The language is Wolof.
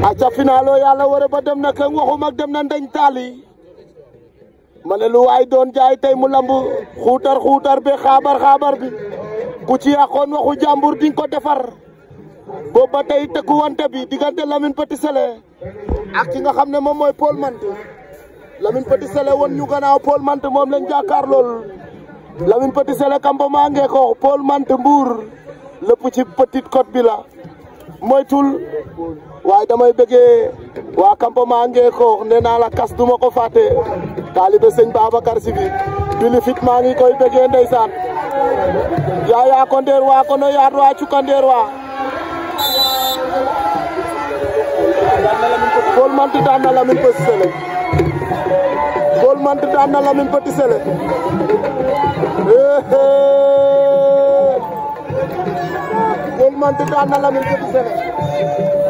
aca finaalo yàlla wara ba dem na keng waxum ak dem na ndeñ taali ma ne lu waay doon jaay tey mu lamb xuutar xuutar be xaabar xaabar bi ku ci yàqoon waxu jàmbur di ko defar boobu ba tey wante bi diggante Lamine Petit ak ki nga xam ne moom mooy Paul Mante Lamine Petit Sélé woon ñu gannaaw Paul Mante moom lañ jàkkaar lool Lamine Petit Sélé kambo ko Paul Mante Mbour lépp ci petite côte bi la moytul waaye damay bëggee waa campement Ngekoox nee naa la kas duma ko fàtte taalibe sëñ Babacar Si bi bili fit maa ngi koy bëggee ndeysaan yaa yaa ko ndeer waa kono yaat waa cuka ndeer waa Paul Manti daan na Lamine Petit Sélé Paul Manti daan na Lamine Ousmane Tite am na Lamine Petit Sélé